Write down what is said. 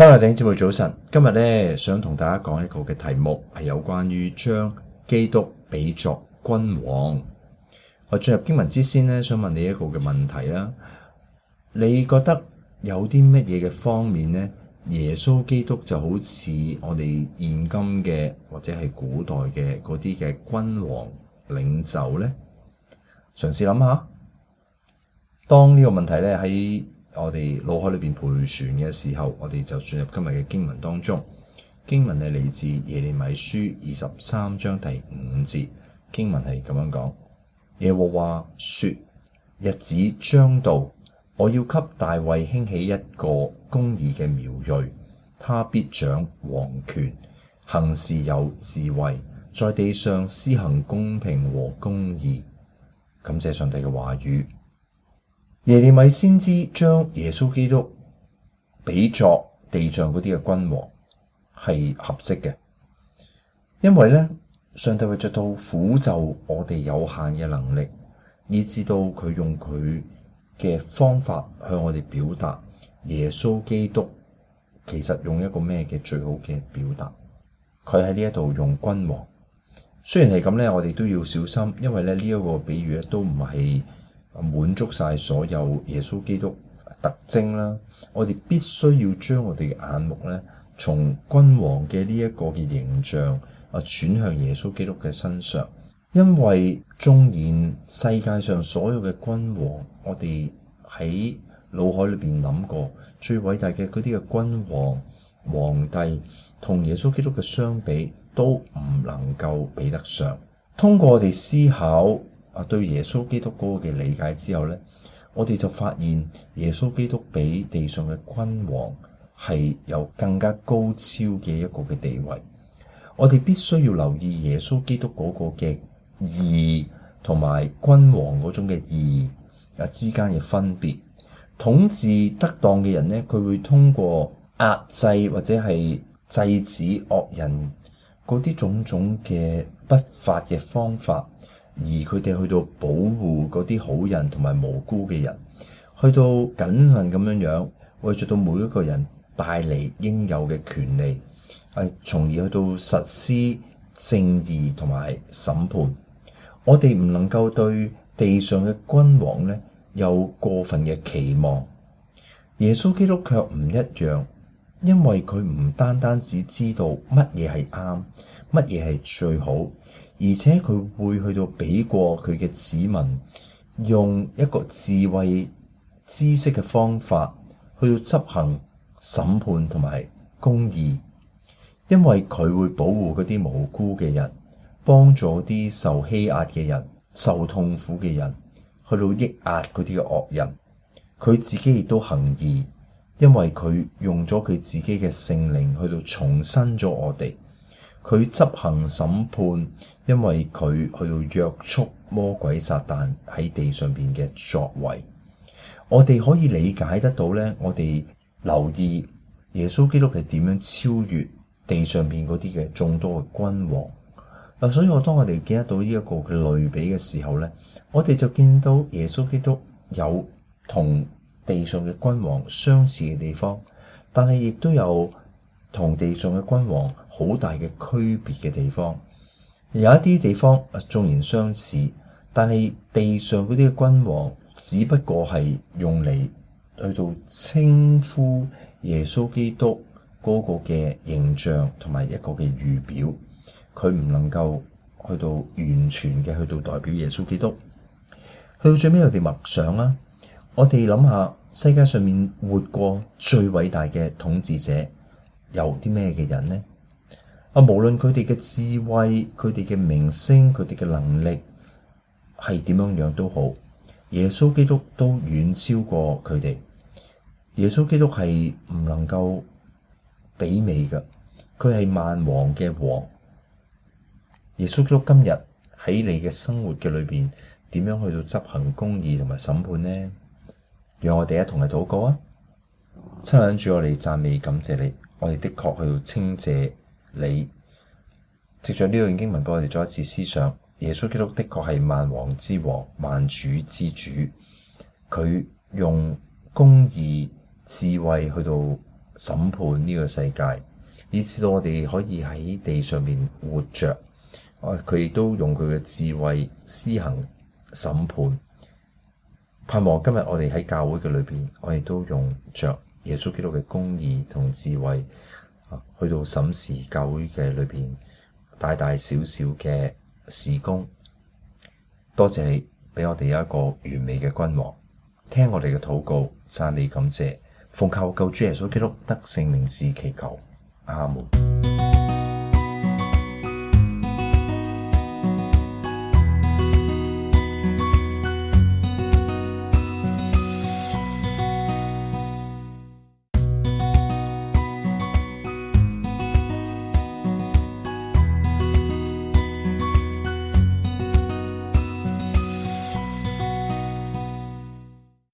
收聽節目早晨，今日咧想同大家講一個嘅題目，係有關於將基督比作君王。我進入經文之先咧，想問你一個嘅問題啦。你覺得有啲乜嘢嘅方面呢，耶穌基督就好似我哋現今嘅，或者係古代嘅嗰啲嘅君王領袖呢？嘗試諗下，當呢個問題咧喺。我哋腦海裏邊盤旋嘅時候，我哋就進入今日嘅經文當中。經文係嚟自耶利米書二十三章第五節，經文係咁樣講：耶和華說，日子將到，我要給大衛興起一個公義嘅苗裔，他必掌王權，行事有智慧，在地上施行公平和公義。感謝上帝嘅話語。耶利米先知將耶穌基督比作地上嗰啲嘅君王係合適嘅，因為呢，上帝會着到俯就我哋有限嘅能力，以至到佢用佢嘅方法向我哋表達。耶穌基督其實用一個咩嘅最好嘅表達，佢喺呢一度用君王，雖然係咁呢，我哋都要小心，因為咧呢一、這個比喻咧都唔係滿足晒所有耶穌基督特徵啦，我哋必須要將我哋嘅眼目呢，從君王嘅呢一個嘅形象啊轉向耶穌基督嘅身上，因為縱然世界上所有嘅君王，我哋喺腦海裏邊諗過最偉大嘅嗰啲嘅君王、皇帝，同耶穌基督嘅相比，都唔能夠比得上。通過我哋思考。啊！對耶穌基督嗰個嘅理解之後呢，我哋就發現耶穌基督比地上嘅君王係有更加高超嘅一個嘅地位。我哋必須要留意耶穌基督嗰個嘅義同埋君王嗰種嘅義啊之間嘅分別。統治得當嘅人呢，佢會通過壓制或者係制止惡人嗰啲種種嘅不法嘅方法。而佢哋去到保護嗰啲好人同埋無辜嘅人，去到謹慎咁樣樣，為著到每一個人帶嚟應有嘅權利，係從而去到實施正義同埋審判。我哋唔能夠對地上嘅君王呢有過分嘅期望，耶穌基督卻唔一樣。因為佢唔單單只知道乜嘢係啱，乜嘢係最好，而且佢會去到畀過佢嘅子民，用一個智慧知識嘅方法去到執行審判同埋公義。因為佢會保護嗰啲無辜嘅人，幫助啲受欺壓嘅人、受痛苦嘅人，去到抑壓嗰啲嘅惡人。佢自己亦都行義。因為佢用咗佢自己嘅聖靈去到重生咗我哋，佢執行審判，因為佢去到約束魔鬼撒旦喺地上邊嘅作為。我哋可以理解得到呢，我哋留意耶穌基督係點樣超越地上邊嗰啲嘅眾多嘅君王。嗱，所以我當我哋見得到呢一個嘅類比嘅時候呢，我哋就見到耶穌基督有同地上嘅君王相似嘅地方，但係亦都有同地上嘅君王好大嘅區別嘅地方。有一啲地方縱然相似，但係地上嗰啲君王只不過係用嚟去到稱呼耶穌基督嗰個嘅形象同埋一個嘅預表，佢唔能夠去到完全嘅去到代表耶穌基督。去到最尾，我哋默想啦。我哋諗下，世界上面活過最偉大嘅統治者有啲咩嘅人呢？啊，無論佢哋嘅智慧、佢哋嘅名聲、佢哋嘅能力係點樣樣都好，耶穌基督都遠超過佢哋。耶穌基督係唔能夠媲美㗎，佢係萬王嘅王。耶穌基督今日喺你嘅生活嘅裏邊，點樣去到執行公義同埋審判呢？讓我哋一同嚟禱告啊！親眼主，我哋讚美感謝你，我哋的確去到稱謝你。藉著呢段經文，俾我哋再一次思想，耶穌基督的確係萬王之王、萬主之主。佢用公義智慧去到審判呢個世界，以至到我哋可以喺地上面活着。佢亦都用佢嘅智慧施行審判。盼望今日我哋喺教會嘅裏邊，我哋都用着耶穌基督嘅公義同智慧，去到審視教會嘅裏邊大大小小嘅事工。多謝你俾我哋有一個完美嘅君王，聽我哋嘅禱告，讚美感謝，奉靠救主耶穌基督得勝名字祈求，阿門。